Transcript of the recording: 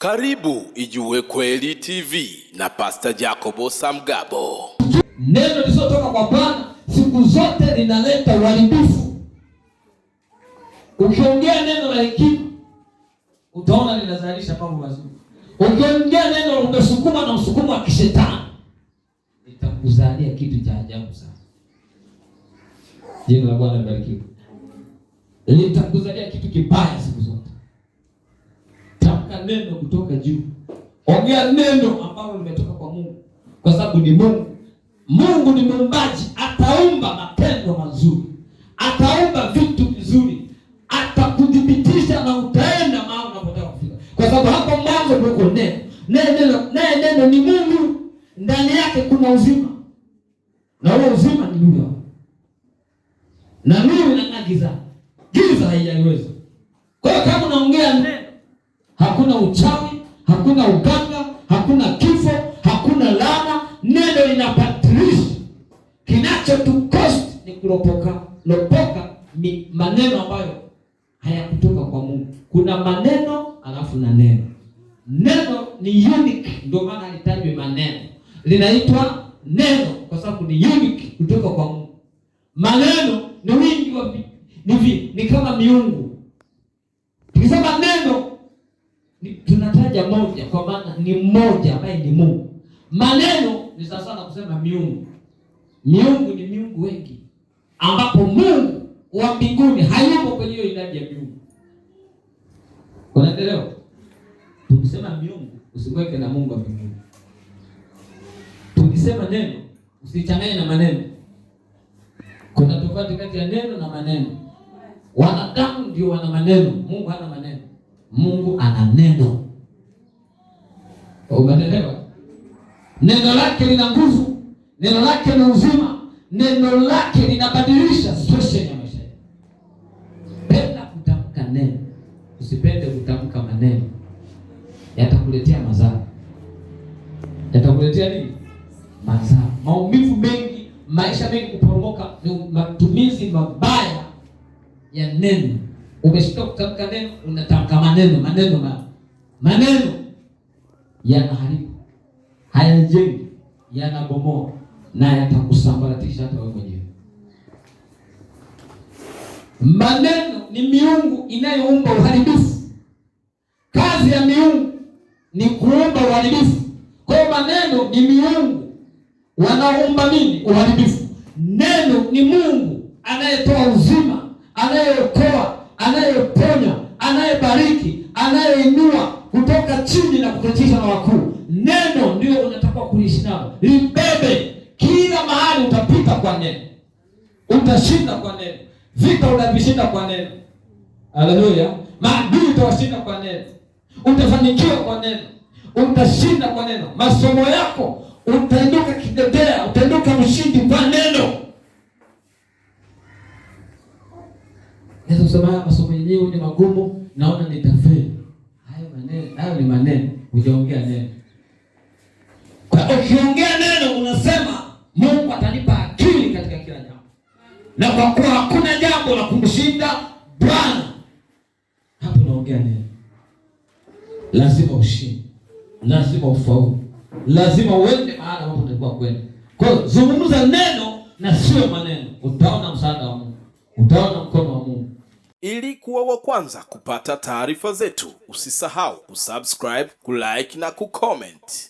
Karibu Ijue Kweli TV na Pastor Jacobo Samgabo. Neno lisotoka kwa Bwana siku zote linaleta uharibifu. Ukiongea neno la hekima utaona linazalisha mambo mazuri. Ukiongea neno umesukuma na msukumo wa kishetani litakuzalia kitu cha ajabu sana. Jina la Bwana libarikiwe. Litakuzalia kitu kibaya neno kutoka juu, ongea neno ambalo limetoka kwa Mungu, kwa sababu ni Mungu. Mungu ni muumbaji, ataumba matendo mazuri, ataumba vitu vizuri, atakudhibitisha na utaenda mahali unapotaka kufika, kwa sababu hapo mwanzo kulikuwa neno, naye neno, naye neno ni Mungu, ndani yake kuna uzima, na huo uzima ni yule na nuru inang'aa giza, giza haijaliweza. Kwa hiyo kama unaongea neno hakuna uchawi, hakuna uganga, hakuna kifo, hakuna laana. Neno linabatilisha kinachotukosti ni kulopoka lopoka ni maneno ambayo hayakutoka kwa Mungu. Kuna maneno alafu na neno. Neno ni unique, ndio maana litajwe maneno, linaitwa neno kwa sababu ni unique kutoka kwa Mungu. Maneno ni wingi wa ni, ni, ni kama miungu moja moja, kwa maana ni mmoja ambaye ni Mungu. Maneno ni sawasawa sana kusema miungu. Miungu ni miungu wengi, ambapo Mungu wa mbinguni hayupo kwenye hiyo idadi ya miungu. Unaelewa? Tukisema miungu usimweke na Mungu wa mbinguni. Tukisema neno usichanganye na maneno. Kuna tofauti kati ya neno na maneno. Wanadamu ndio wana maneno, Mungu hana maneno. Mungu ana neno. Umeelewa? Neno lake lina nguvu, neno lake ni uzima, neno lake linabadilisha situation ya maisha yako. Penda kutamka neno, usipende kutamka maneno. Yatakuletea mazao, yatakuletea nini? Mazao, maumivu mengi, maisha mengi kuporomoka, ni matumizi mabaya ya neno. Umeshika kutamka neno, unatamka maneno, maneno, maneno yanaharibu, hayajengi, yanabomoa na yatakusambaratisha hata wewe mwenyewe. Maneno ni miungu inayoumba uharibifu. Kazi ya miungu ni kuumba uharibifu. Kwa hiyo maneno ni miungu wanaoumba nini? Uharibifu. Neno ni Mungu anayetoa uzima kuweka chini na kuketishwa na wakuu. Neno ndio unatakiwa kuishi nalo, libebe kila mahali. Utapita kwa neno, utashinda kwa neno, vita unavishinda kwa neno. Haleluya! maadui utawashinda kwa neno, utafanikiwa kwa neno, utashinda kwa neno. Masomo yako utainuka kidedea, utainuka mshindi kwa neno. Yesu sema masomo yenyewe ni magumu, naona nitafeli ni maneno, hujaongea neno. Kwa ukiongea neno unasema Mungu atanipa akili katika kila jambo, na kwa kuwa hakuna jambo la kumshinda Bwana, hapo unaongea neno. Lazima ushinde, lazima ufaulu, lazima uende mahala ambapo unataka kwenda. Kwa hiyo zungumza neno na sio maneno, utaona msaada wa Mungu, utaona mkono wa Mungu. Ili kuwa wa kwanza kupata taarifa zetu, usisahau kusubscribe, kulike na kucomment.